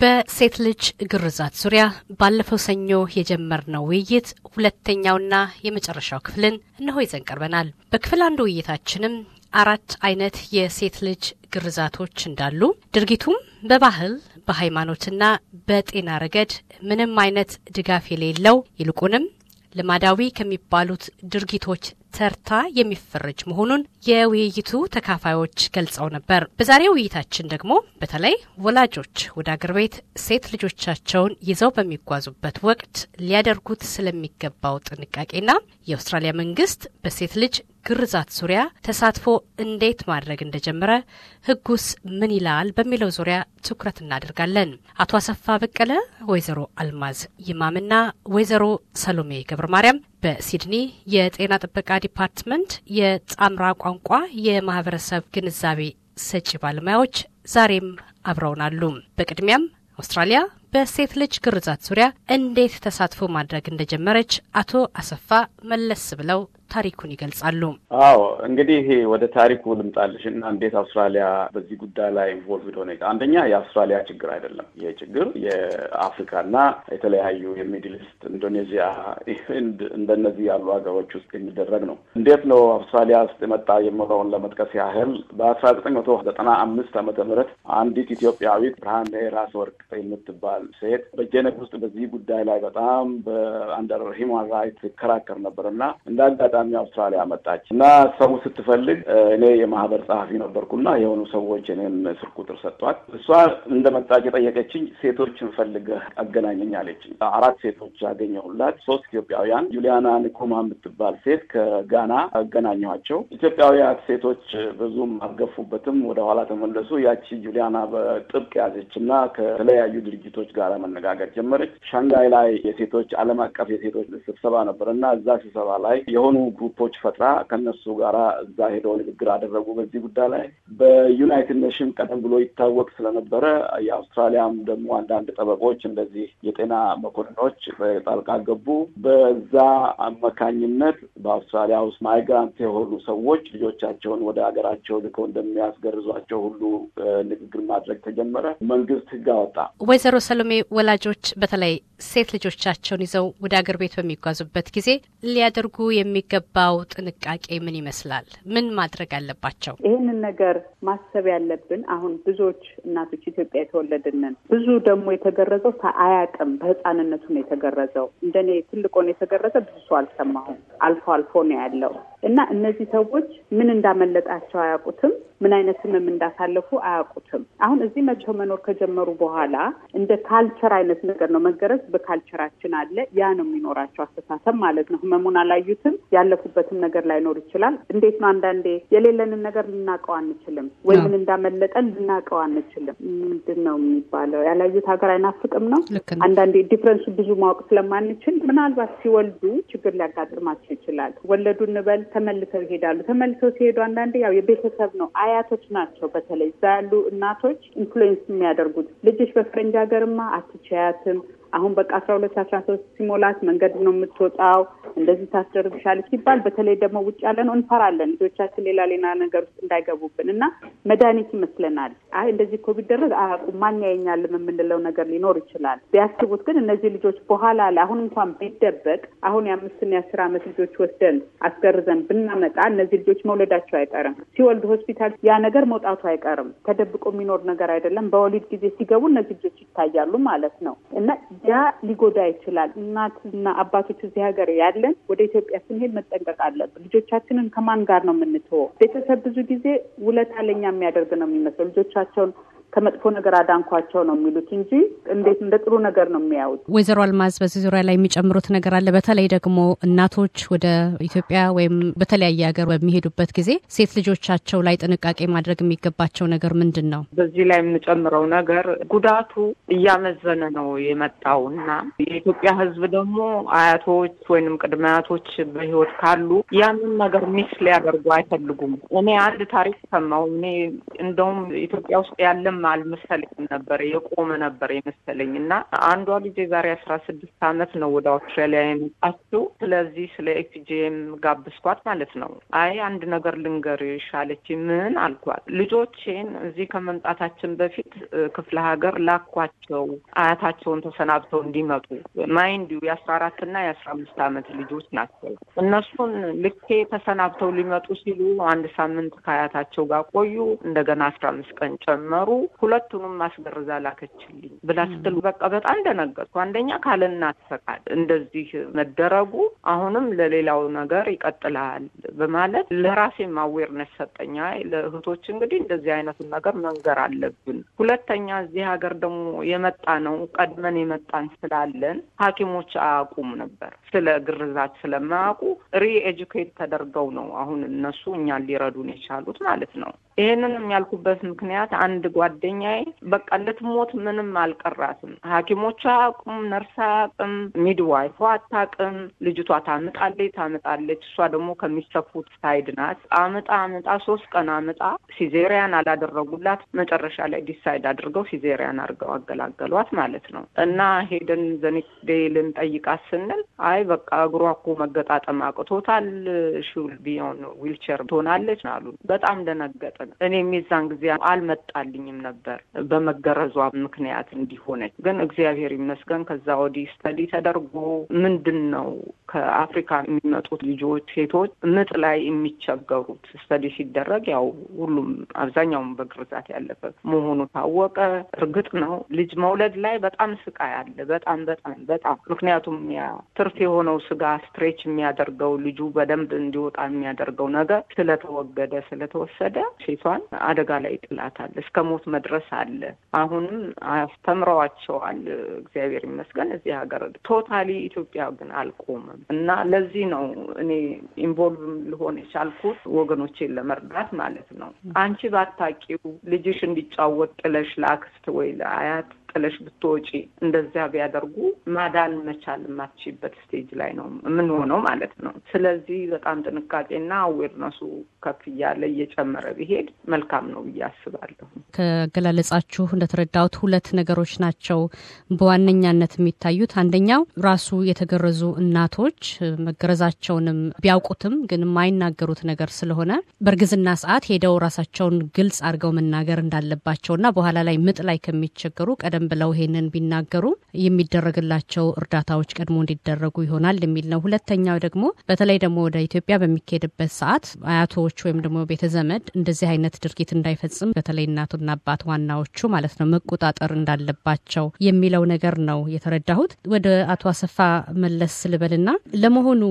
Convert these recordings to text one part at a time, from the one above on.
በሴት ልጅ ግርዛት ዙሪያ ባለፈው ሰኞ የጀመርነው ውይይት ሁለተኛውና የመጨረሻው ክፍልን እነሆ ይዘን ቀርበናል። በክፍል አንዱ ውይይታችንም አራት አይነት የሴት ልጅ ግርዛቶች እንዳሉ ድርጊቱም በባህል በሃይማኖትና በጤና ረገድ ምንም አይነት ድጋፍ የሌለው ይልቁንም ልማዳዊ ከሚባሉት ድርጊቶች ተርታ የሚፈረጅ መሆኑን የውይይቱ ተካፋዮች ገልጸው ነበር። በዛሬው ውይይታችን ደግሞ በተለይ ወላጆች ወደ አገር ቤት ሴት ልጆቻቸውን ይዘው በሚጓዙበት ወቅት ሊያደርጉት ስለሚገባው ጥንቃቄና የአውስትራሊያ መንግስት በሴት ልጅ ግርዛት ዙሪያ ተሳትፎ እንዴት ማድረግ እንደጀመረ ህጉስ ምን ይላል በሚለው ዙሪያ ትኩረት እናደርጋለን። አቶ አሰፋ በቀለ፣ ወይዘሮ አልማዝ ይማምና ወይዘሮ ሰሎሜ ገብረ ማርያም በሲድኒ የጤና ጥበቃ ዲፓርትመንት የጣምራ ቋንቋ የማህበረሰብ ግንዛቤ ሰጪ ባለሙያዎች ዛሬም አብረውናሉ። በቅድሚያም አውስትራሊያ በሴት ልጅ ግርዛት ዙሪያ እንዴት ተሳትፎ ማድረግ እንደጀመረች አቶ አሰፋ መለስ ብለው ታሪኩን ይገልጻሉ። አዎ እንግዲህ ወደ ታሪኩ ልምጣልሽ እና እንዴት አውስትራሊያ በዚህ ጉዳይ ላይ ኢንቮልቭ ሆነ። አንደኛ የአውስትራሊያ ችግር አይደለም። ይህ ችግር የአፍሪካና የተለያዩ የሚድልስት ኢንዶኔዚያ፣ ህንድ እንደነዚህ ያሉ ሀገሮች ውስጥ የሚደረግ ነው። እንዴት ነው አውስትራሊያ ውስጥ የመጣ የምለውን ለመጥቀስ ያህል በአስራ ዘጠኝ መቶ ዘጠና አምስት ዓመተ ምህረት አንዲት ኢትዮጵያዊት ብርሃነ ራስ ወርቅ የምትባል ሴት በጄኔቭ ውስጥ በዚህ ጉዳይ ላይ በጣም በአንደር ሂማን ራይት ትከራከር ነበር እና እንደ አጋጣሚ አጋጣሚ አውስትራሊያ መጣች እና ሰው ስትፈልግ እኔ የማህበር ጸሐፊ ነበርኩና የሆኑ ሰዎች እኔን ስር ቁጥር ሰጥቷል እሷ እንደመጣች የጠየቀችኝ ሴቶችን ፈልገህ አገናኘኝ አለችኝ። አራት ሴቶች ያገኘሁላት፣ ሶስት ኢትዮጵያውያን ጁሊያና ኒኮማ የምትባል ሴት ከጋና አገናኘኋቸው። ኢትዮጵያውያን ሴቶች ብዙም አልገፉበትም፣ ወደኋላ ተመለሱ። ያቺ ጁሊያና በጥብቅ ያዘች እና ከተለያዩ ድርጅቶች ጋር መነጋገር ጀመረች። ሻንጋይ ላይ የሴቶች ዓለም አቀፍ የሴቶች ስብሰባ ነበር እና እዛ ስብሰባ ላይ የሆኑ ግሩፖች ፈጥራ ከነሱ ጋር እዛ ሄደው ንግግር አደረጉ። በዚህ ጉዳይ ላይ በዩናይትድ ኔሽን ቀደም ብሎ ይታወቅ ስለነበረ የአውስትራሊያም ደግሞ አንዳንድ ጠበቆች እንደዚህ የጤና መኮንኖች ጣልቃ ገቡ። በዛ አማካኝነት በአውስትራሊያ ውስጥ ማይግራንት የሆኑ ሰዎች ልጆቻቸውን ወደ ሀገራቸው ልከው እንደሚያስገርዟቸው ሁሉ ንግግር ማድረግ ተጀመረ። መንግስት ህግ አወጣ። ወይዘሮ ሰሎሜ ወላጆች በተለይ ሴት ልጆቻቸውን ይዘው ወደ አገር ቤት በሚጓዙበት ጊዜ ሊያደርጉ የሚገ የሚገባው ጥንቃቄ ምን ይመስላል? ምን ማድረግ አለባቸው? ይህንን ነገር ማሰብ ያለብን አሁን ብዙዎች እናቶች ኢትዮጵያ የተወለድንን ብዙ ደግሞ የተገረዘው አያቅም። በህፃንነቱ ነው የተገረዘው። እንደኔ ትልቆን የተገረዘ ብዙ ሰው አልሰማሁም። አልፎ አልፎ ነው ያለው እና እነዚህ ሰዎች ምን እንዳመለጣቸው አያውቁትም። ምን አይነት ህመም እንዳሳለፉ አያውቁትም። አሁን እዚህ መጥተው መኖር ከጀመሩ በኋላ እንደ ካልቸር አይነት ነገር ነው መገረዝ በካልቸራችን አለ። ያ ነው የሚኖራቸው አስተሳሰብ ማለት ነው። ህመሙን አላዩትም። ያለፉበትም ነገር ላይኖር ይችላል። እንዴት ነው አንዳንዴ የሌለንን ነገር ልናውቀው አንችልም፣ ወይ ምን እንዳመለጠን ልናውቀው አንችልም። ምንድን ነው የሚባለው ያላዩት ሀገር አይናፍቅም ነው። አንዳንዴ ዲፍረንሱ ብዙ ማወቅ ስለማንችል ምናልባት ሲወልዱ ችግር ሊያጋጥማቸው ይችላል። ወለዱ እንበል ተመልሰው ይሄዳሉ። ተመልሰው ሲሄዱ አንዳንዴ ያው የቤተሰብ ነው አያቶች ናቸው። በተለይ እዛ ያሉ እናቶች ኢንፍሉዌንስ የሚያደርጉት ልጅሽ በፈረንጅ ሀገርማ አትቻያትም አሁን በቃ አስራ ሁለት አስራ ሶስት ሲሞላት መንገድ ነው የምትወጣው፣ እንደዚህ ታስደርግሻለች ሲባል በተለይ ደግሞ ውጭ ያለ ነው እንፈራለን፣ ልጆቻችን ሌላ ሌላ ነገር ውስጥ እንዳይገቡብን እና መድኃኒት ይመስለናል። አይ እንደዚህ እኮ ቢደረግ አያውቁም ማን ያየኛልም የምንለው ነገር ሊኖር ይችላል። ቢያስቡት ግን እነዚህ ልጆች በኋላ ላይ አሁን እንኳን ቢደበቅ አሁን የአምስትና የአስር ዓመት ልጆች ወስደን አስገርዘን ብናመጣ እነዚህ ልጆች መውለዳቸው አይቀርም። ሲወልድ ሆስፒታል ያ ነገር መውጣቱ አይቀርም። ተደብቆ የሚኖር ነገር አይደለም። በወሊድ ጊዜ ሲገቡ እነዚህ ልጆች ይታያሉ ማለት ነው እና ያ ሊጎዳ ይችላል። እናትና አባቶች እዚህ ሀገር ያለን ወደ ኢትዮጵያ ስንሄድ መጠንቀቅ አለብን። ልጆቻችንን ከማን ጋር ነው የምንትወው? ቤተሰብ ብዙ ጊዜ ውለታ ለኛ የሚያደርግ ነው የሚመስለው ልጆቻቸውን ከመጥፎ ነገር አዳንኳቸው ነው የሚሉት እንጂ እንዴት እንደ ጥሩ ነገር ነው የሚያዩት። ወይዘሮ አልማዝ በዚህ ዙሪያ ላይ የሚጨምሩት ነገር አለ። በተለይ ደግሞ እናቶች ወደ ኢትዮጵያ ወይም በተለያየ ሀገር በሚሄዱበት ጊዜ ሴት ልጆቻቸው ላይ ጥንቃቄ ማድረግ የሚገባቸው ነገር ምንድን ነው? በዚህ ላይ የምጨምረው ነገር ጉዳቱ እያመዘነ ነው የመጣው እና የኢትዮጵያ ሕዝብ ደግሞ አያቶች ወይንም ቅድመ አያቶች በህይወት ካሉ ያንን ነገር ሚስ ሊያደርጉ አይፈልጉም። እኔ አንድ ታሪክ ሰማው። እኔ እንደውም ኢትዮጵያ ውስጥ ያለም አልመሰለኝም ነበር የቆመ ነበር የመሰለኝ እና አንዷ ልጅ ዛሬ አስራ ስድስት አመት ነው ወደ አውስትራሊያ የመጣችው። ስለዚህ ስለ ኤፍጄም ጋብስኳት ማለት ነው። አይ አንድ ነገር ልንገርሽ አለች። ምን አልኳት። ልጆቼን እዚህ ከመምጣታችን በፊት ክፍለ ሀገር ላኳቸው አያታቸውን ተሰናብተው እንዲመጡ ማይንድ ዩ የአስራ አራት እና የአስራ አምስት አመት ልጆች ናቸው። እነሱን ልኬ ተሰናብተው ሊመጡ ሲሉ አንድ ሳምንት ከአያታቸው ጋር ቆዩ። እንደገና አስራ አምስት ቀን ጨመሩ። ሁለቱንም ማስገርዛ ላከችልኝ ብላ ስትል በቃ በጣም ደነገጥኩ። አንደኛ ካለ እናት ፈቃድ እንደዚህ መደረጉ አሁንም ለሌላው ነገር ይቀጥላል በማለት ለራሴ አዌርነስ ሰጠኛ። ለእህቶች እንግዲህ እንደዚህ አይነቱን ነገር መንገር አለብን። ሁለተኛ እዚህ ሀገር ደግሞ የመጣ ነው ቀድመን የመጣን ስላለን ሐኪሞች አያውቁም ነበር ስለ ግርዛት ስለማያውቁ ሪኤጁኬት ተደርገው ነው አሁን እነሱ እኛን ሊረዱን የቻሉት ማለት ነው። ይህንንም ያልኩበት ምክንያት አንድ ጓደኛዬ በቃ ልትሞት ምንም አልቀራትም። ሐኪሞቹ አያውቁም፣ ነርስ አያውቅም፣ ሚድዋይፎ አታውቅም። ልጅቷ ታምጣለች ታምጣለች። እሷ ደግሞ ከሚሰፉት ሳይድ ናት። አምጣ አምጣ ሶስት ቀን አምጣ ሲዜሪያን አላደረጉላት። መጨረሻ ላይ ዲሳይድ አድርገው ሲዜሪያን አድርገው አገላገሏት ማለት ነው። እና ሄደን ዘኔክዴ ልንጠይቃት ስንል አይ በቃ እግሯ እኮ መገጣጠም አቅቶታል፣ ሹል ቢሆን ዊልቸር ትሆናለች አሉ። በጣም ደነገጠ። አላውቅም። እኔም የዛን ጊዜ አልመጣልኝም ነበር በመገረዟ ምክንያት እንዲሆነች። ግን እግዚአብሔር ይመስገን ከዛ ወዲህ ስተዲ ተደርጎ ምንድን ነው ከአፍሪካ የሚመጡት ልጆች ሴቶች ምጥ ላይ የሚቸገሩት ስተዲ ሲደረግ ያው ሁሉም አብዛኛውን በግርዛት ያለበት መሆኑ ታወቀ። እርግጥ ነው ልጅ መውለድ ላይ በጣም ስቃይ አለ። በጣም በጣም በጣም ምክንያቱም ያ ትርፍ የሆነው ስጋ ስትሬች የሚያደርገው ልጁ በደንብ እንዲወጣ የሚያደርገው ነገር ስለተወገደ ስለተወሰደ ሴቷን አደጋ ላይ ጥላታል። እስከ ሞት መድረስ አለ። አሁንም አስተምረዋቸዋል። እግዚአብሔር ይመስገን እዚህ ሀገር ቶታሊ ኢትዮጵያ ግን አልቆምም። እና ለዚህ ነው እኔ ኢንቮልቭ ልሆን የቻልኩት ወገኖቼን ለመርዳት ማለት ነው። አንቺ ባታቂው ልጅሽ እንዲጫወት ጥለሽ ለአክስት ወይ ለአያት ጥለሽ ብትወጪ እንደዚያ ቢያደርጉ ማዳን መቻል የማትችበት ስቴጅ ላይ ነው የምንሆነው ማለት ነው። ስለዚህ በጣም ጥንቃቄና አዌርነሱ ከፍ እያለ እየጨመረ ቢሄድ መልካም ነው ብዬ አስባለሁ። ከገላለጻችሁ እንደተረዳሁት ሁለት ነገሮች ናቸው በዋነኛነት የሚታዩት። አንደኛው ራሱ የተገረዙ እናቶች መገረዛቸውንም ቢያውቁትም ግን የማይናገሩት ነገር ስለሆነ በእርግዝና ሰዓት ሄደው ራሳቸውን ግልጽ አድርገው መናገር እንዳለባቸውና በኋላ ላይ ምጥ ላይ ከሚቸገሩ ቀደም ብለው ይሄንን ቢናገሩ የሚደረግላቸው እርዳታዎች ቀድሞ እንዲደረጉ ይሆናል የሚል ነው። ሁለተኛው ደግሞ በተለይ ደግሞ ወደ ኢትዮጵያ በሚካሄድበት ሰዓት አያቶች ወይም ደግሞ ቤተዘመድ እንደዚህ አይነት ድርጊት እንዳይፈጽም በተለይ እናቱ እናትና አባት ዋናዎቹ ማለት ነው መቆጣጠር እንዳለባቸው የሚለው ነገር ነው የተረዳሁት። ወደ አቶ አሰፋ መለስ ልበልና ለመሆኑ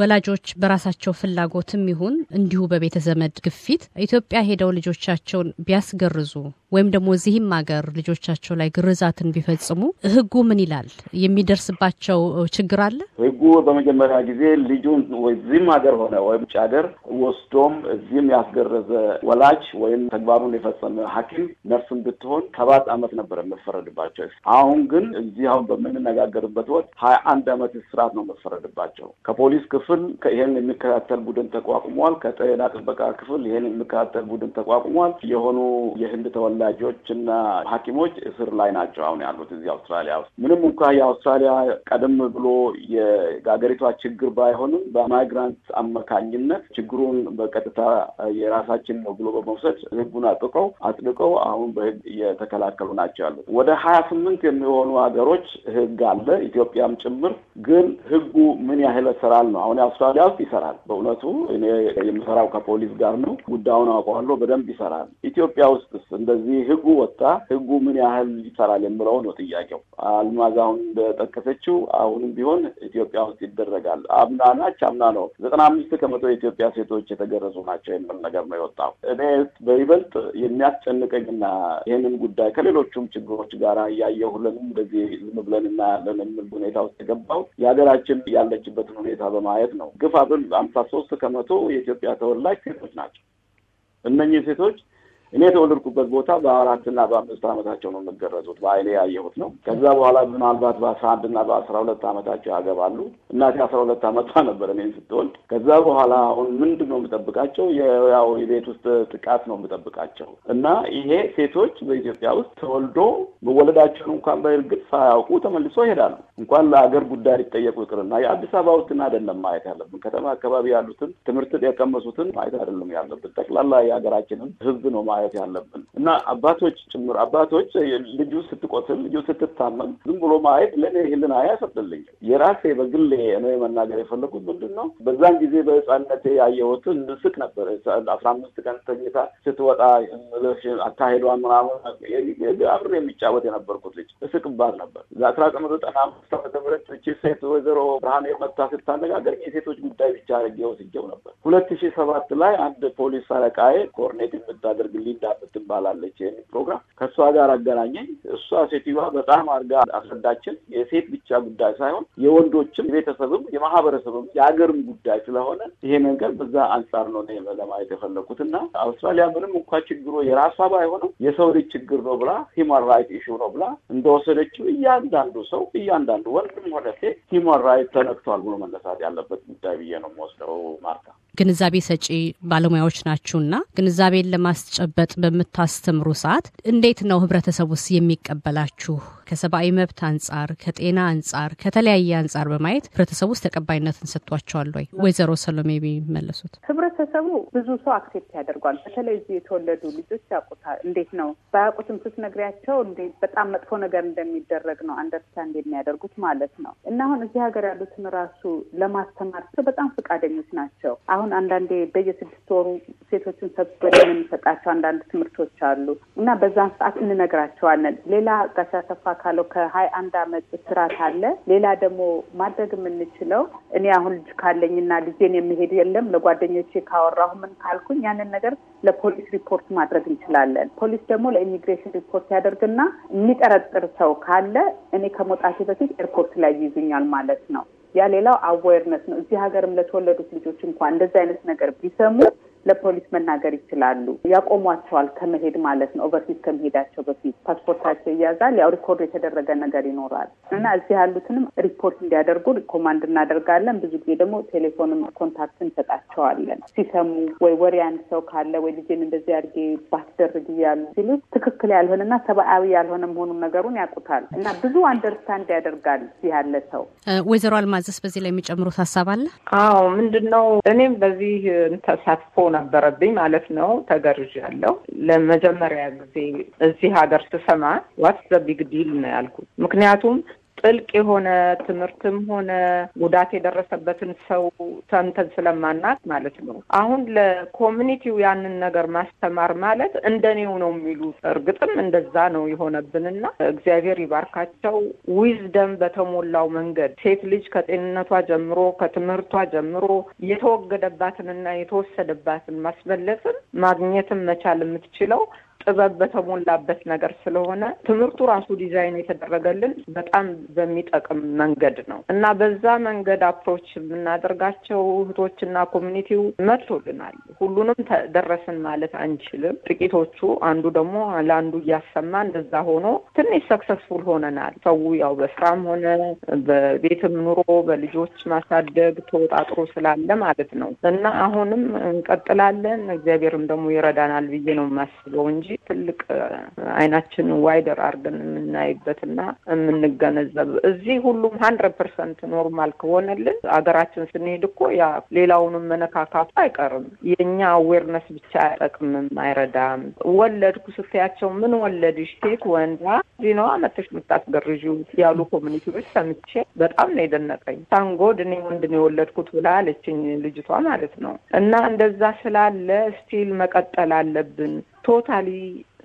ወላጆች በራሳቸው ፍላጎትም ይሁን እንዲሁ በቤተ ዘመድ ግፊት ኢትዮጵያ ሄደው ልጆቻቸውን ቢያስገርዙ ወይም ደግሞ እዚህም ሀገር ልጆቻቸው ላይ ግርዛትን ቢፈጽሙ ህጉ ምን ይላል? የሚደርስባቸው ችግር አለ? ህጉ በመጀመሪያ ጊዜ ልጁን ወይዚህም ሀገር ሆነ ወይም ውጭ ሀገር ወስዶም እዚህም ያስገረዘ ወላጅ ወይም ተግባሩን የፈጸመ ሐኪም ነርስም ብትሆን ሰባት አመት ነበር የምፈረድባቸው። አሁን ግን እዚህ አሁን በምንነጋገርበት ወቅት ሀያ አንድ አመት እስራት ነው የምፈረድባቸው። ከፖሊስ ክፍል ይህን የሚከታተል ቡድን ተቋቁሟል። ከጤና ጥበቃ ክፍል ይህን የሚከታተል ቡድን ተቋቁሟል። የሆኑ የህንድ ተወላ ፈላጊዎች እና ሐኪሞች እስር ላይ ናቸው አሁን ያሉት እዚህ አውስትራሊያ ውስጥ። ምንም እንኳ የአውስትራሊያ ቀደም ብሎ የሀገሪቷ ችግር ባይሆንም በማይግራንት አማካኝነት ችግሩን በቀጥታ የራሳችን ነው ብሎ በመውሰድ ህጉን አጥብቀው አጥብቀው አሁን በህግ እየተከላከሉ ናቸው ያሉት። ወደ ሀያ ስምንት የሚሆኑ ሀገሮች ህግ አለ ኢትዮጵያም ጭምር። ግን ህጉ ምን ያህል ስራል ነው አሁን አውስትራሊያ ውስጥ ይሰራል። በእውነቱ እኔ የምሰራው ከፖሊስ ጋር ነው። ጉዳዩን አውቀዋለሁ። በደንብ ይሰራል። ኢትዮጵያ ውስጥ እንደዚህ ስለዚህ ህጉ ወጣ። ህጉ ምን ያህል ይሰራል የምለው ነው ጥያቄው። አልማዝ አሁን እንደጠቀሰችው አሁንም ቢሆን ኢትዮጵያ ውስጥ ይደረጋል። አምና ናች አምና ነው ዘጠና አምስት ከመቶ የኢትዮጵያ ሴቶች የተገረዙ ናቸው የሚል ነገር ነው የወጣው። እኔ በይበልጥ የሚያስጨንቀኝና ይህንን ጉዳይ ከሌሎቹም ችግሮች ጋር እያየሁለንም እንደዚህ ዝም ብለን እናያለን የሚል ሁኔታ ውስጥ የገባው የሀገራችን ያለችበትን ሁኔታ በማየት ነው። ግፋ ብል አምሳ ሶስት ከመቶ የኢትዮጵያ ተወላጅ ሴቶች ናቸው። እነኚህ ሴቶች እኔ የተወለድኩበት ቦታ በአራትና በአምስት ዓመታቸው ነው የምገረዙት። በአይኔ ያየሁት ነው። ከዛ በኋላ ምናልባት በአስራ አንድና በአስራ ሁለት ዓመታቸው ያገባሉ። እናቴ አስራ ሁለት ዓመቷ ነበር እኔን ስትወልድ። ከዛ በኋላ አሁን ምንድን ነው የምጠብቃቸው? ያው የቤት ውስጥ ጥቃት ነው የምጠብቃቸው እና ይሄ ሴቶች በኢትዮጵያ ውስጥ ተወልዶ መወለዳቸውን እንኳን በእርግጥ ሳያውቁ ተመልሶ ይሄዳሉ። እንኳን ለአገር ጉዳይ ሊጠየቁ ይቅርና የአዲስ አበባ ውስጥን አይደለም ማየት ያለብን፣ ከተማ አካባቢ ያሉትን ትምህርት የቀመሱትን ማየት አይደለም ያለብን፣ ጠቅላላ የሀገራችንን ህዝብ ነው ማየት ያለብን እና አባቶች ጭምር አባቶች ልጁ ስትቆስል ልጁ ስትታመም ዝም ብሎ ማየት ለእኔ ይህልን አያ አያሰጥልኝ። የራሴ በግሌ እኔ መናገር የፈለጉት ምንድን ነው? በዛን ጊዜ በህፃነቴ ያየሁትን ንስቅ ነበር። አስራ አምስት ቀን ተኝታ ስትወጣ አካሄዷ ምናምን አብር የሚጫወት የነበርኩት ልጅ እስቅባት ነበር። አስራ ዘጠኝ ዘጠና አምስት ዓመተ ምህረት እቺ ሴት ወይዘሮ ብርሃን የመታ ስታነጋገር የሴቶች ጉዳይ ብቻ አድርጌ ወስጄው ነበር። ሁለት ሺህ ሰባት ላይ አንድ ፖሊስ አለቃዬ ኮርኔት የምታደርግልኝ ሊንዳ ምትባላለች ይህን ፕሮግራም ከእሷ ጋር አገናኘኝ። እሷ ሴትዮዋ በጣም አድርጋ አስረዳችን። የሴት ብቻ ጉዳይ ሳይሆን የወንዶችም፣ የቤተሰብም፣ የማህበረሰብም የሀገርም ጉዳይ ስለሆነ ይሄ ነገር በዛ አንጻር ነው ለማየት የፈለኩት እና አውስትራሊያ ምንም እንኳ ችግሩ የራሷ ባይሆንም የሰው ልጅ ችግር ነው ብላ ሂማን ራይት ኢሹ ነው ብላ እንደወሰደችው እያንዳንዱ ሰው እያንዳንዱ ወንድም ሆነ ሴት ሂማን ራይት ተነክቷል ብሎ መነሳት ያለበት ጉዳይ ብዬ ነው የምወስደው ማርታ። ግንዛቤ ሰጪ ባለሙያዎች ናችሁና ግንዛቤን ለማስጨበጥ በምታስተምሩ ሰዓት እንዴት ነው ህብረተሰቡስ የሚቀበላችሁ? ከሰብአዊ መብት አንጻር፣ ከጤና አንጻር፣ ከተለያየ አንጻር በማየት ህብረተሰቡ ውስጥ ተቀባይነትን ሰጥቷቸዋል ወይ? ወይዘሮ ሰሎሜ የሚመለሱት ህብረተሰቡ ብዙ ሰው አክሴፕት ያደርጓል። በተለይ እዚህ የተወለዱ ልጆች ያውቁታል። እንዴት ነው ባያውቁትም ስትነግሪያቸው እንዴት በጣም መጥፎ ነገር እንደሚደረግ ነው አንደርስታንድ የሚያደርጉት ማለት ነው። እና አሁን እዚህ ሀገር ያሉትን ራሱ ለማስተማር በጣም ፈቃደኞች ናቸው። አሁን አንዳንዴ በየስድስት ወሩ ሴቶችን ሰብስበን የምንሰጣቸው አንዳንድ ትምህርቶች አሉ እና በዛን ሰዓት እንነግራቸዋለን። ሌላ ጋሻ ተፋ ካለው ከሀያ አንድ አመት እስራት አለ። ሌላ ደግሞ ማድረግ የምንችለው እኔ አሁን ልጅ ካለኝና ልጄን የሚሄድ የለም ለጓደኞቼ ካወራሁ ምን ካልኩኝ ያንን ነገር ለፖሊስ ሪፖርት ማድረግ እንችላለን። ፖሊስ ደግሞ ለኢሚግሬሽን ሪፖርት ያደርግና የሚጠረጥር ሰው ካለ እኔ ከመውጣቴ በፊት ኤርፖርት ላይ ይይዙኛል ማለት ነው። ያ ሌላው አዋርነስ ነው። እዚህ ሀገርም ለተወለዱት ልጆች እንኳን እንደዚህ አይነት ነገር ቢሰሙ ለፖሊስ መናገር ይችላሉ። ያቆሟቸዋል ከመሄድ ማለት ነው። ኦቨርሲስ ከመሄዳቸው በፊት ፓስፖርታቸው ይያዛል። ያው ሪኮርድ የተደረገ ነገር ይኖራል እና እዚህ ያሉትንም ሪፖርት እንዲያደርጉ ኮማንድ እናደርጋለን። ብዙ ጊዜ ደግሞ ቴሌፎንም ኮንታክት እንሰጣቸዋለን። ሲሰሙ ወይ ወሬ አንድ ሰው ካለ ወይ ልጄን እንደዚህ አድርጌ ባስደርግ እያሉ ሲሉ ትክክል ያልሆነና ሰብአዊ ያልሆነ መሆኑን ነገሩን ያውቁታል እና ብዙ አንደርስታንድ ያደርጋል እዚህ ያለ ሰው። ወይዘሮ አልማዘስ በዚህ ላይ የሚጨምሩት ሀሳብ አለ? አዎ ምንድን ነው እኔም በዚህ ተሳትፎ ነበረብኝ ማለት ነው። ተገርዣለሁ። ለመጀመሪያ ጊዜ እዚህ ሀገር ስሰማ ዋትስ ዘ ቢግ ዲል ነው ያልኩት። ምክንያቱም ጥልቅ የሆነ ትምህርትም ሆነ ጉዳት የደረሰበትን ሰው ሰምተን ስለማናት ማለት ነው። አሁን ለኮሚኒቲው ያንን ነገር ማስተማር ማለት እንደኔው ነው የሚሉ እርግጥም እንደዛ ነው የሆነብንና እግዚአብሔር ይባርካቸው። ዊዝደም በተሞላው መንገድ ሴት ልጅ ከጤንነቷ ጀምሮ ከትምህርቷ ጀምሮ የተወገደባትንና የተወሰደባትን ማስመለስን ማግኘትን መቻል የምትችለው ጥበብ በተሞላበት ነገር ስለሆነ ትምህርቱ ራሱ ዲዛይን የተደረገልን በጣም በሚጠቅም መንገድ ነው እና በዛ መንገድ አፕሮች የምናደርጋቸው እህቶችና ኮሚኒቲው መጥቶልናል። ሁሉንም ተደረስን ማለት አንችልም። ጥቂቶቹ አንዱ ደግሞ ለአንዱ እያሰማ እንደዛ ሆኖ ትንሽ ሰክሰስፉል ሆነናል። ሰው ያው በስራም ሆነ በቤትም ኑሮ በልጆች ማሳደግ ተወጣጥሮ ስላለ ማለት ነው እና አሁንም እንቀጥላለን። እግዚአብሔርም ደግሞ ይረዳናል ብዬ ነው የማስበው እንጂ ትልቅ አይናችንን ዋይደር አድርገን የምናይበትና የምንገነዘብ እዚህ ሁሉም ሀንድረድ ፐርሰንት ኖርማል ከሆነልን አገራችን ስንሄድ እኮ ያ ሌላውንም መነካካቱ አይቀርም። የእኛ አዌርነስ ብቻ አይጠቅምም፣ አይረዳም። ወለድኩ ስትያቸው ምን ወለድሽ ሴት ወንዳ እዚህ ነዋ መተሽ የምታስገርዥው ያሉ ኮሚኒቲዎች ሰምቼ በጣም ነው የደነቀኝ። ታንጎድ እኔ ወንድ ነው የወለድኩት ብላ አለችኝ ልጅቷ ማለት ነው። እና እንደዛ ስላለ ስቲል መቀጠል አለብን። ቶታሊ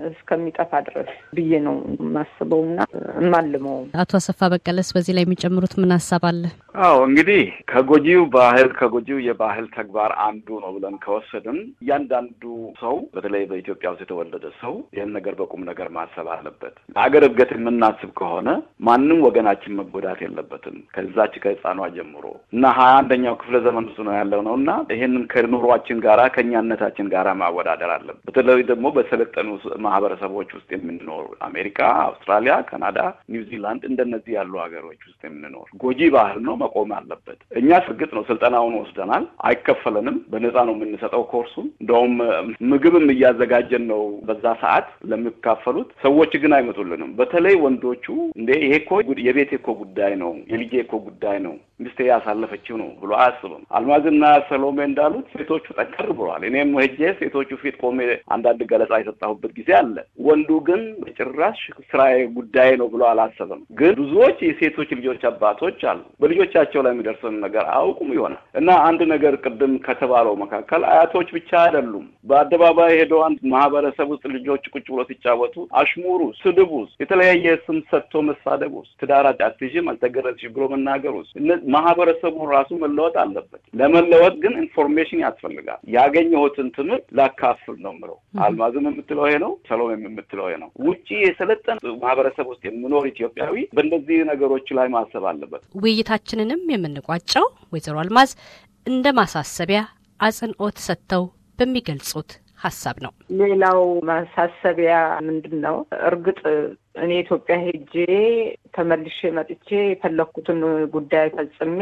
እስከሚጠፋ ድረስ ብዬ ነው እና የማልመው። አቶ አሰፋ በቀለስ በዚህ ላይ የሚጨምሩት ምን ሀሳብ አለ? አዎ እንግዲህ ከጎጂው ባህል ከጎጂው የባህል ተግባር አንዱ ነው ብለን ከወሰድን እያንዳንዱ ሰው በተለይ በኢትዮጵያ ውስጥ የተወለደ ሰው ይህን ነገር በቁም ነገር ማሰብ አለበት። ለሀገር እድገት የምናስብ ከሆነ ማንም ወገናችን መጎዳት የለበትም ከዛች ከህፃኗ ጀምሮ እና ሀያ አንደኛው ክፍለ ዘመን ውስጥ ነው ያለው ነው እና ይህንን ከኑሯችን ጋራ ከእኛነታችን ጋራ ማወዳደር አለበት። በተለይ ደግሞ በሰለጠኑ ማህበረሰቦች ውስጥ የምንኖር አሜሪካ፣ አውስትራሊያ፣ ካናዳ፣ ኒውዚላንድ እንደነዚህ ያሉ ሀገሮች ውስጥ የምንኖር ጎጂ ባህል ነው መቆም አለበት። እኛ እርግጥ ነው ስልጠናውን ወስደናል፣ አይከፈለንም፣ በነፃ ነው የምንሰጠው ኮርሱን። እንደውም ምግብም እያዘጋጀን ነው በዛ ሰዓት ለሚካፈሉት ሰዎች ግን አይመጡልንም። በተለይ ወንዶቹ እንዴ ይሄ እኮ የቤቴ እኮ ጉዳይ ነው የልጄ እኮ ጉዳይ ነው ሚስቴ ያሳለፈችው ነው ብሎ አያስብም። አልማዝና ሰሎሜ እንዳሉት ሴቶቹ ጠንከር ብለዋል። እኔም ሄጄ ሴቶቹ ፊት ቆሜ አንዳንድ ገለጻ የሰጣሁበት ጊዜ አለ። ወንዱ ግን በጭራሽ ስራዬ ጉዳይ ነው ብሎ አላሰብም። ግን ብዙዎች የሴቶች ልጆች አባቶች አሉ። በልጆቻቸው ላይ የሚደርሰውን ነገር አያውቁም ይሆናል እና አንድ ነገር ቅድም ከተባለው መካከል አያቶች ብቻ አይደሉም። በአደባባይ ሄደው አንድ ማህበረሰብ ውስጥ ልጆች ቁጭ ብሎ ሲጫወቱ አሽሙሩ፣ ስድብ የተለያየ ስም ሰጥቶ መሳደብ ውስጥ ትዳር አትይዥም፣ ብሎ መናገሩ። ማህበረሰቡ ራሱ መለወጥ አለበት። ለመለወጥ ግን ኢንፎርሜሽን ያስፈልጋል። ያገኘሁትን ትምህርት ላካፍል ነው ምለው። አልማዝም የምትለው ይሄ ነው፣ ሰሎም የምትለው ይሄ ነው። ውጭ የሰለጠን ማህበረሰብ ውስጥ የምኖር ኢትዮጵያዊ በእንደዚህ ነገሮች ላይ ማሰብ አለበት። ውይይታችንንም የምንቋጨው ወይዘሮ አልማዝ እንደ ማሳሰቢያ አጽንኦት ሰጥተው በሚገልጹት ሀሳብ ነው። ሌላው ማሳሰቢያ ምንድን ነው? እርግጥ እኔ ኢትዮጵያ ሄጄ ተመልሼ መጥቼ የፈለግኩትን ጉዳይ ፈጽሜ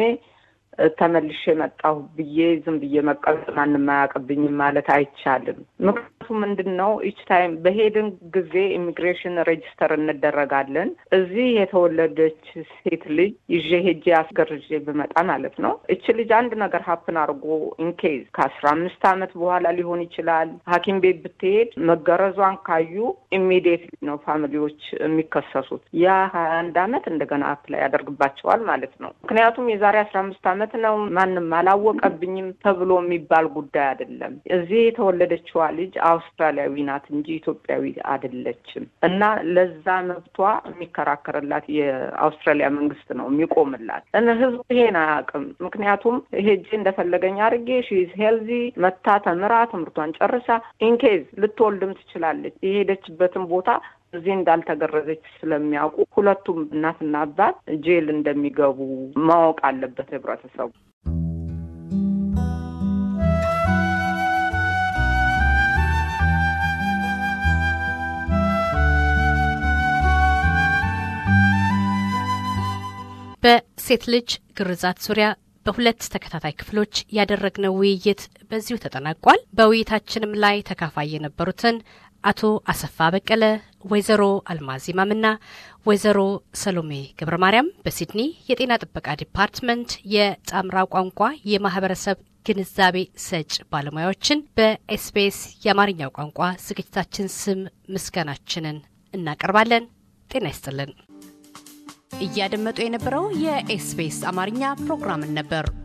ተመልሼ መጣሁ ብዬ ዝም ብዬ መቀመጥ ማንም አያውቅብኝም ማለት አይቻልም። ምክንያቱ ምንድን ነው? ኢች ታይም በሄድን ጊዜ ኢሚግሬሽን ሬጅስተር እንደረጋለን። እዚህ የተወለደች ሴት ልጅ ይዤ ሄጄ አስገርዤ ብመጣ ማለት ነው እች ልጅ አንድ ነገር ሀፕን አድርጎ ኢንኬዝ ከአስራ አምስት ዓመት በኋላ ሊሆን ይችላል ሐኪም ቤት ብትሄድ መገረዟን ካዩ ኢሚዲየት ነው ፋሚሊዎች የሚከሰሱት። ያ ሀያ አንድ ዓመት እንደገና አፕላይ ያደርግባቸዋል ማለት ነው። ምክንያቱም የዛሬ አስራ አምስት አመት አመት ነው ማንም አላወቀብኝም ተብሎ የሚባል ጉዳይ አይደለም። እዚህ የተወለደችዋ ልጅ አውስትራሊያዊ ናት እንጂ ኢትዮጵያዊ አይደለችም እና ለዛ መብቷ የሚከራከርላት የአውስትራሊያ መንግስት ነው የሚቆምላት። ህዝቡ ይሄን አያውቅም። ምክንያቱም ሄጄ እንደፈለገኝ አድርጌ ሺዝ ሄልዚ መታ ተምራ ትምህርቷን ጨርሳ ኢንኬዝ ልትወልድም ትችላለች። የሄደችበትን ቦታ እዚህ እንዳልተገረዘች ስለሚያውቁ ሁለቱም እናትና አባት ጄል እንደሚገቡ ማወቅ አለበት ህብረተሰቡ። በሴት ልጅ ግርዛት ዙሪያ በሁለት ተከታታይ ክፍሎች ያደረግነው ውይይት በዚሁ ተጠናቋል። በውይይታችንም ላይ ተካፋይ የነበሩትን አቶ አሰፋ በቀለ፣ ወይዘሮ አልማዝ ማምና ወይዘሮ ሰሎሜ ገብረ ማርያም በሲድኒ የጤና ጥበቃ ዲፓርትመንት የጣምራ ቋንቋ የማህበረሰብ ግንዛቤ ሰጭ ባለሙያዎችን በኤስቢኤስ የአማርኛው ቋንቋ ዝግጅታችን ስም ምስጋናችንን እናቀርባለን። ጤና ይስጥልን። እያደመጡ የነበረው የኤስቢኤስ አማርኛ ፕሮግራምን ነበር።